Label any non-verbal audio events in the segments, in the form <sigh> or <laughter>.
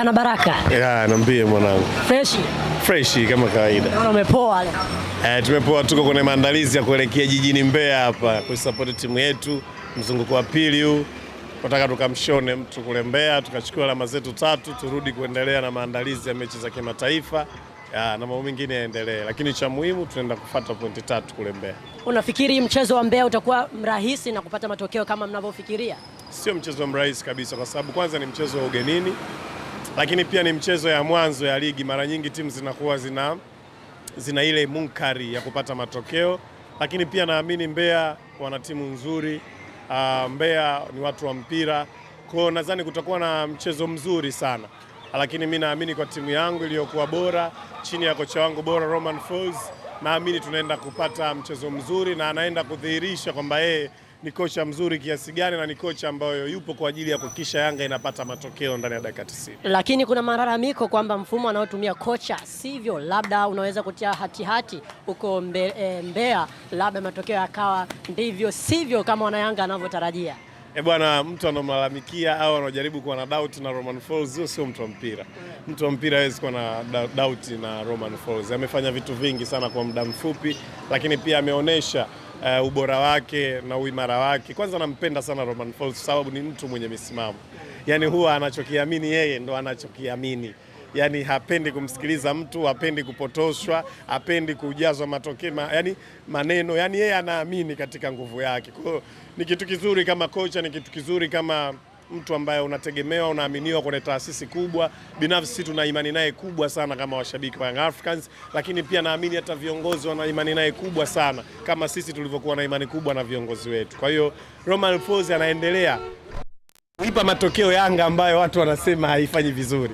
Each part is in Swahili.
kijana Baraka. Yeah, niambie mwanangu. Fresh? Fresh kama kawaida. Naona umepoa leo. Eh, tumepoa tuko kwenye maandalizi ya kuelekea jijini Mbeya hapa kuisapoti timu yetu mzunguko wa pili huu. Nataka tukamshone mtu kule Mbeya tukachukua alama zetu tatu turudi kuendelea na maandalizi ya mechi za kimataifa na mambo mengine yaendelee, lakini cha muhimu tunaenda kufata pointi tatu kule Mbeya. Unafikiri mchezo wa Mbeya utakuwa mrahisi na kupata matokeo kama mnavyofikiria? Sio mchezo mrahisi kabisa, kwa sababu kwanza ni mchezo wa ugenini lakini pia ni mchezo ya mwanzo ya ligi. Mara nyingi timu zinakuwa zina, zina ile munkari ya kupata matokeo, lakini pia naamini Mbeya wana timu nzuri. Uh, Mbeya ni watu wa mpira, kwao, nadhani kutakuwa na mchezo mzuri sana, lakini mi naamini kwa timu yangu iliyokuwa bora chini ya kocha wangu bora Roman Falls, naamini tunaenda kupata mchezo mzuri na anaenda kudhihirisha kwamba yeye ni kocha mzuri kiasi gani na ni kocha ambayo yupo kwa ajili ya kuhakikisha Yanga inapata matokeo ndani ya dakika 90. Lakini kuna malalamiko kwamba mfumo anaotumia kocha sivyo, labda unaweza kutia hatihati huko hati, mbe, e, Mbeya, labda matokeo yakawa ndivyo sivyo kama wanayanga anavyotarajia. E eh, bwana, mtu anaomlalamikia au anaojaribu kuwa na doubt na Roman Falls sio sio mtu wa mpira. Mtu wa mpira hawezi kuwa na doubt na Roman Falls. Amefanya vitu vingi sana kwa muda mfupi, lakini pia ameonyesha uh, ubora wake na uimara wake. Kwanza nampenda sana Roman Falls sababu ni mtu mwenye misimamo, yaani huwa anachokiamini yeye ndo anachokiamini yaani hapendi kumsikiliza mtu, hapendi kupotoshwa, hapendi kujazwa matokeo ma, yani maneno, yani yeye anaamini katika nguvu yake. Kwa hiyo ni kitu kizuri kama kocha, ni kitu kizuri kama mtu ambaye unategemewa, unaaminiwa kwenye taasisi kubwa. Binafsi tuna imani naye kubwa sana kama washabiki wa Young Africans, lakini pia naamini hata viongozi wana imani naye kubwa sana kama sisi tulivyokuwa na imani kubwa na viongozi wetu. Kwa hiyo Romain Folz anaendelea kuipa matokeo Yanga ambayo watu wanasema haifanyi vizuri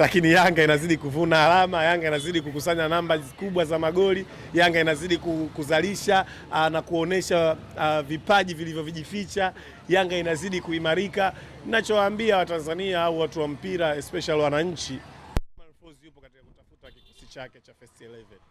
lakini Yanga inazidi kuvuna alama, Yanga inazidi kukusanya namba kubwa za magoli, Yanga inazidi kuzalisha ah, na kuonesha ah, vipaji vilivyovijificha, Yanga inazidi kuimarika. Ninachowaambia Watanzania au watu wa mpira especially wananchi, yupo katika kutafuta kikosi chake cha first 11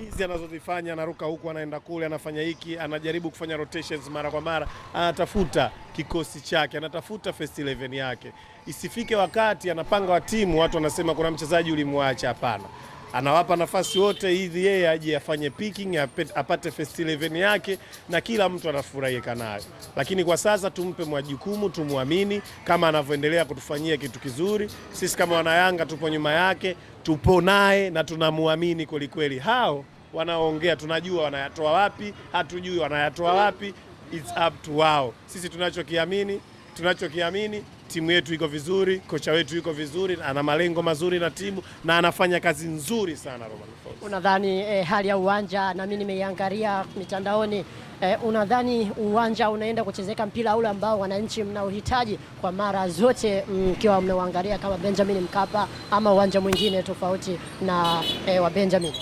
hizi anazozifanya, anaruka huku, anaenda kule, anafanya hiki, anajaribu kufanya rotations mara kwa mara, anatafuta kikosi chake, anatafuta first 11 yake. Isifike wakati anapanga wa timu, watu wanasema kuna mchezaji ulimwacha. Hapana anawapa nafasi wote hivi yeye aje afanye picking apate first 11 yake na kila mtu anafurahika nayo. Lakini kwa sasa tumpe majukumu, tumwamini kama anavyoendelea kutufanyia kitu kizuri. Sisi kama wanayanga tupo nyuma yake, tupo naye na tunamwamini kwelikweli. Hao wanaoongea tunajua wanayatoa wapi, hatujui wanayatoa wapi, it's up to wao. Sisi tunachokiamini tunachokiamini timu yetu iko vizuri, kocha wetu iko vizuri, ana malengo mazuri na timu na anafanya kazi nzuri sana Roman Falls. Unadhani eh, hali ya uwanja na mimi nimeiangalia mitandaoni eh, unadhani uwanja unaenda kuchezeka mpira ule ambao wananchi mnaohitaji kwa mara zote mm, mkiwa mm, mnauangalia kama Benjamin Mkapa ama uwanja mwingine tofauti na eh, wa Benjamin?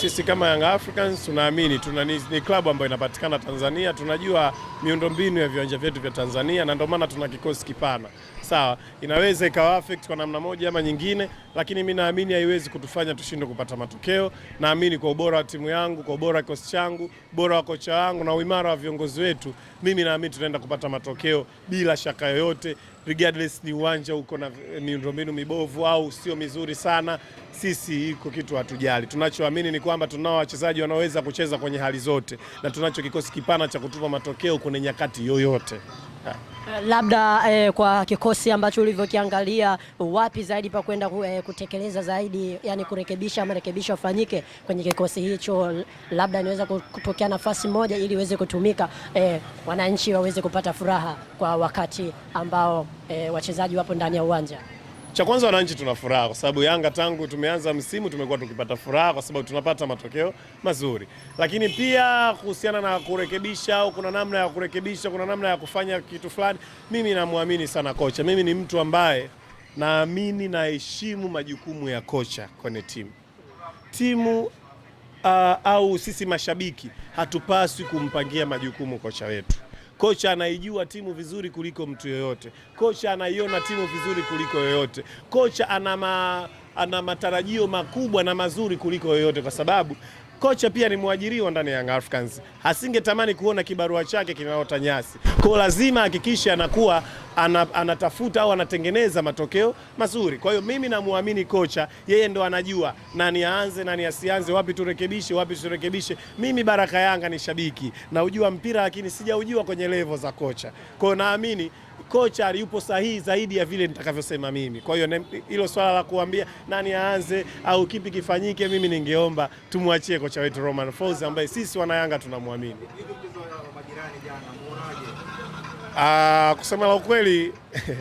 Sisi kama Young Africans tunaamini tuna, ni klabu ambayo inapatikana Tanzania, tunajua miundombinu ya viwanja vyetu vya Tanzania, na ndio maana tuna kikosi kipana. Sawa, inaweza ikawa affect kwa namna moja ama nyingine, lakini mimi naamini haiwezi kutufanya tushindwe kupata matokeo. Naamini kwa ubora wa timu yangu, kwa ubora wa kikosi changu, ubora wa kocha wangu na uimara wa viongozi wetu, mimi naamini tunaenda kupata matokeo bila shaka yoyote, regardless ni uwanja uko na miundombinu mibovu au sio mizuri sana. Sisi iko kitu hatujali. Tunachoamini ni kwamba tunao wachezaji wanaoweza kucheza kwenye hali zote, na tunacho kikosi kipana cha kutupa matokeo. kuna kwenye nyakati yoyote Labda eh, kwa kikosi ambacho ulivyokiangalia, wapi zaidi pa kwenda eh, kutekeleza zaidi, yani kurekebisha marekebisho afanyike kwenye kikosi hicho, labda inaweza kutokea nafasi moja ili iweze kutumika, eh, wananchi waweze kupata furaha kwa wakati ambao eh, wachezaji wapo ndani ya uwanja. Cha kwanza wananchi tuna furaha kwa sababu Yanga tangu tumeanza msimu tumekuwa tukipata furaha kwa sababu tunapata matokeo mazuri, lakini pia kuhusiana na kurekebisha au kuna namna ya kurekebisha, kuna namna ya kufanya kitu fulani, mimi namwamini sana kocha. Mimi ni mtu ambaye naamini naheshimu majukumu ya kocha kwenye timu timu uh, au sisi mashabiki hatupaswi kumpangia majukumu kocha wetu. Kocha anaijua timu vizuri kuliko mtu yoyote. Kocha anaiona timu vizuri kuliko yoyote. Kocha ana ma, ana matarajio makubwa na mazuri kuliko yoyote, kwa sababu Kocha pia ni mwajiriwa ndani ya Young Africans, asingetamani kuona kibarua chake kinaota nyasi. Kwa lazima hakikisha anakuwa anatafuta au anatengeneza matokeo mazuri. Kwa hiyo mimi namwamini kocha, yeye ndo anajua nani aanze, nani asianze, wapi turekebishe, wapi tusirekebishe. Mimi Baraka Yanga ni shabiki, naujua mpira lakini sijaujua kwenye levo za kocha. Kwa hiyo naamini kocha yupo sahihi zaidi ya vile nitakavyosema mimi. Kwa hiyo hilo swala la kuambia nani aanze au kipi kifanyike, mimi ningeomba tumwachie kocha wetu Roman Folz ambaye sisi wanayanga tunamwamini. Ah, kusema la ukweli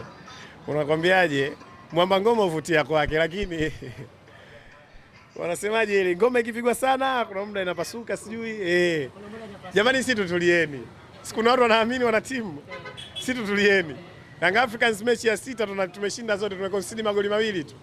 <laughs> unakwambiaje, mwamba ngoma uvutia kwake, lakini <laughs> wanasemaje ile ngoma ikipigwa sana kuna muda inapasuka sijui eh. Jamani, sisi tutulieni, siku na watu wanaamini wana timu si tutulieni. Young Africans mechi ya sita tumeshinda zote, tumekonsidi magoli mawili tu.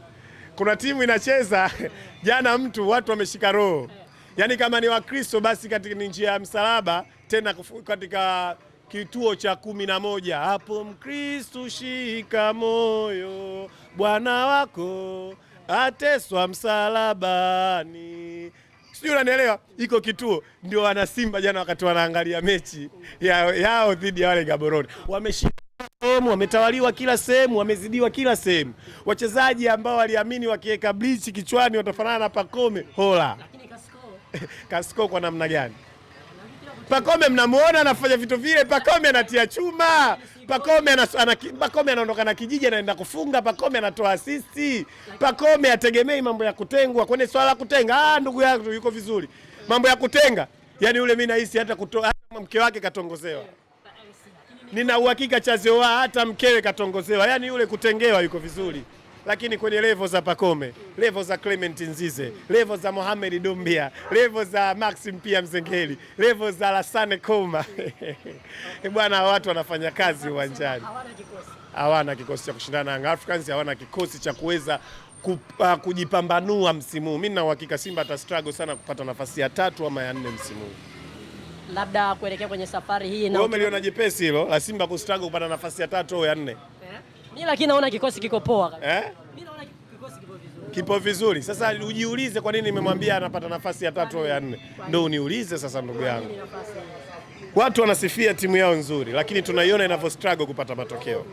Kuna timu inacheza <laughs> jana, mtu watu wameshika roho, yaani kama ni Wakristo basi katika njia ya msalaba, tena katika kituo cha kumi na moja hapo. Mkristu, shika moyo, Bwana wako ateswa msalabani sijui unanielewa, iko kituo. Ndio wana Simba jana wakati wanaangalia mechi yao, yao dhidi ya wale Gaborone wameshika sehemu wametawaliwa kila sehemu, wamezidiwa kila sehemu. Wachezaji ambao waliamini wakiweka blichi kichwani watafanana na Pakome hola Kasko <laughs> kwa namna gani? Pakome mnamuona anafanya vitu vile, Pakome anatia chuma, Pakome Pakome anaondoka na kijiji anaenda kufunga, Pakome anatoa asisti, Pakome ategemei mambo ya kutengwa. Kwani swala la kutenga, ah, ndugu yangu yuko vizuri, mambo ya kutenga yani ule, mimi nahisi hata kutoa mke wake katongozewa, nina uhakika Chazoa hata mkewe katongozewa, yani yule kutengewa yuko vizuri lakini kwenye levo za Pakome, levo za Clement Nzize, levo za Mohamed Dumbia, levo za Maxim pia Mzengeli, levo za Lasane Koma <laughs> eh, bwana, watu wanafanya kazi uwanjani, hawana kikosi cha kushindana. Young Africans hawana kikosi cha kuweza ah, kujipambanua msimu huu. Mimi na uhakika Simba ata struggle sana kupata nafasi ya tatu ama ya nne msimu huu labda kuelekea kwenye safari hii na umeliona jepesi hilo la Simba kustruggle kupata nafasi ya tatu au ya nne. Mimi lakini naona kikosi kiko poa kabisa. Eh? Mimi naona kikosi kipo vizuri. Kipo vizuri. Sasa ujiulize kwa nini nimemwambia anapata nafasi ya tatu au ya nne. Ndio uniulize sasa ndugu yangu. Watu wanasifia timu yao nzuri, lakini tunaiona inavyo struggle kupata matokeo.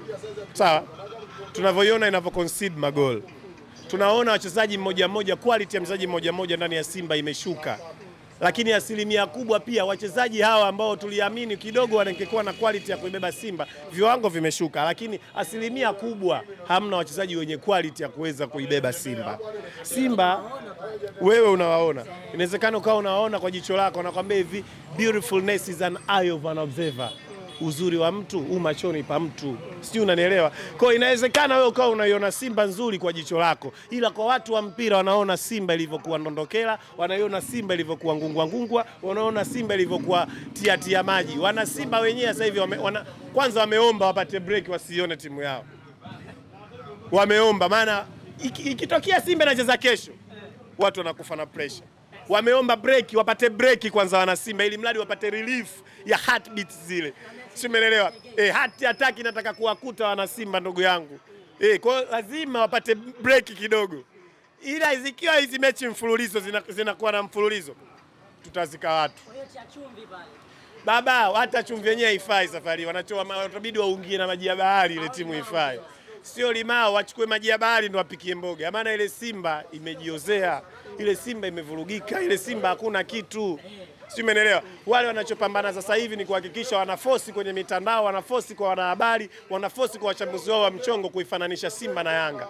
Sawa? Tunavyoiona inavyo concede magoli. Tunaona wachezaji mmoja mmoja, quality ya mchezaji mmoja mmoja ndani ya Simba imeshuka lakini asilimia kubwa pia wachezaji hawa ambao tuliamini kidogo wangekuwa na quality ya kuibeba Simba, viwango vimeshuka, lakini asilimia kubwa hamna wachezaji wenye quality ya kuweza kuibeba Simba. Simba wewe unawaona, inawezekana ukawa unawaona kwa jicho lako, nakwambia hivi, beautifulness is an eye of an observer uzuri wa mtu u machoni pa mtu, sijui unanielewa. Kwa hiyo inawezekana wewe ukawa unaiona Simba nzuri kwa jicho lako, ila kwa watu wa mpira wanaona Simba ilivyokuwa ndondokela, wanaiona Simba ilivyokuwa ngungwa ngungwa, wanaona Simba ilivyokuwa tia tia maji. Wana Simba wenyewe sasa hivi wame, wana, kwanza wameomba wapate break wasione timu yao, wameomba maana ikitokea Simba inacheza kesho, watu wanakufa na pressure wameomba break, wapate break kwanza wanasimba, ili mradi wapate relief ya heartbeat zile, si umeelewa? Eh, heart attack inataka kuwakuta wanasimba ndugu yangu eh, kwa lazima wapate break kidogo, ila zikiwa hizi mechi mfululizo zinakuwa na mfululizo tutazika watu baba, hata chumvi yenyewe haifai safari, wanabidi waungie na maji ya bahari ile timu ifai sio limao wachukue maji ya bahari ndo wapikie mboga, maana ile Simba imejiozea, ile Simba imevurugika, ile Simba hakuna kitu, si umeelewa? Wale wanachopambana sasa hivi ni kuhakikisha wanafosi kwenye mitandao, wanafosi kwa wanahabari, wanafosi kwa wachambuzi wao wa mchongo, kuifananisha Simba na Yanga,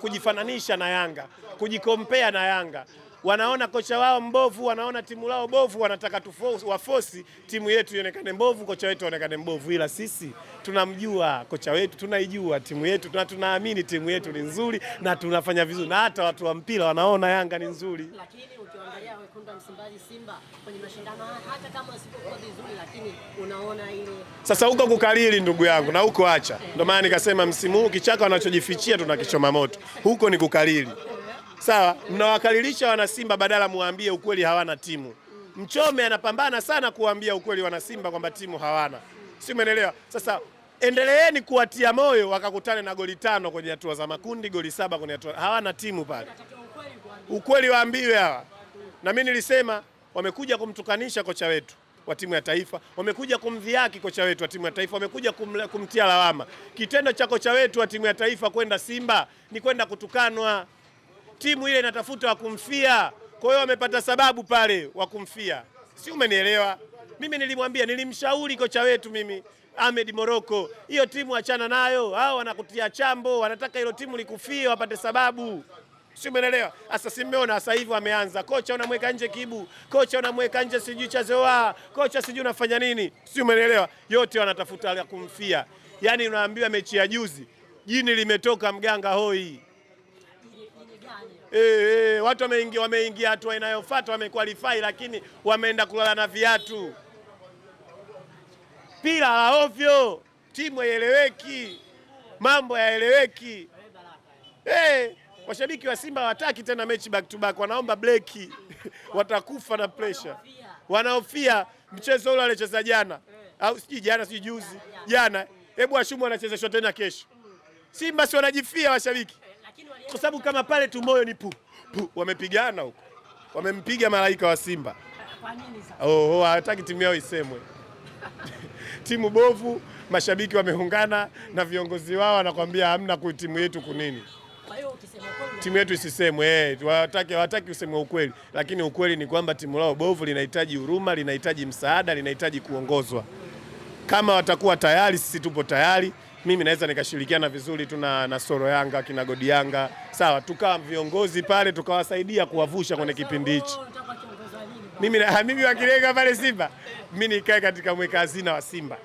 kujifananisha na Yanga, kujikompea na Yanga wanaona kocha wao mbovu, wanaona timu lao bovu, wanataka wafosi timu yetu ionekane mbovu, kocha wetu aonekane mbovu, ila sisi tunamjua kocha wetu, tunaijua timu yetu na tunaamini timu yetu ni nzuri na tunafanya vizuri, na hata watu wa mpira wanaona Yanga ni nzuri. Lakini ukiangalia wekundu wa Msimbazi, Simba kwenye mashindano hata kama vizuri, lakini unaona ile sasa, huko kukalili ndugu yangu na huko acha, ndio maana nikasema msimu huu kichaka wanachojifichia tunakichoma moto, huko ni kukalili sawa. Mnawakalilisha wanasimba badala muambie ukweli hawana timu. Mchome anapambana sana kuambia ukweli wanasimba kwamba timu hawana, si umeelewa? Sasa endeleeni kuwatia moyo wakakutane na goli tano kwenye hatua za makundi, goli saba kwenye hatua, hawana timu pale. Ukweli waambiwe hawa. Na mimi nilisema wamekuja kumtukanisha kocha wetu wa timu ya taifa, wamekuja kumdhiaki kocha wetu wa timu ya taifa, wamekuja kumtia lawama. Kitendo cha kocha wetu wa timu ya taifa kwenda Simba ni kwenda kutukanwa timu ile inatafuta wakumfia, kwa hiyo wamepata sababu pale wakumfia, si umenielewa? Mimi nilimwambia, nilimshauri kocha wetu mimi Ahmed Moroko, hiyo timu achana nayo, hao wanakutia chambo, wanataka hilo timu likufie wapate sababu, si umenielewa? Sasa simeona sasa hivi wameanza, kocha unamweka nje Kibu, kocha unamweka nje sijui Chazoa, kocha sijui unafanya nini, si umenielewa? Yote wanatafuta la kumfia, yaani unaambiwa mechi ya juzi jini limetoka mganga hoi E, e, watu wameingia wameingia hatua inayofuata wamekwalifai, lakini wameenda kulala na viatu. pila la ovyo, timu haieleweki, mambo yaeleweki. Eh, washabiki wa Simba hawataki tena mechi back to back, wanaomba breki <laughs> watakufa na pressure, wanaofia mchezo ule alicheza jana au sijui jana sijui juzi jana, hebu ashumu wanachezeshwa tena kesho. Simba si wanajifia washabiki kwa sababu kama pale tu moyo ni pu, pu wamepigana huko, wamempiga malaika wa Simba. Oh, hawataki oh, timu yao isemwe <laughs> timu bovu. Mashabiki wameungana na viongozi wao, wanakwambia hamna timu yetu kunini timu yetu isisemwe, eh, hawataki hawataki usemwe ukweli, lakini ukweli ni kwamba timu lao bovu linahitaji huruma, linahitaji msaada, linahitaji kuongozwa. Kama watakuwa tayari, sisi tupo tayari mimi naweza nikashirikiana vizuri tu na Soro Yanga kina Godi Yanga, sawa, tukawa viongozi pale tukawasaidia kuwavusha kwenye kipindi hichi. Mimi na <laughs> mimi wakilenga pale Simba, mimi nikae katika mweka hazina wa Simba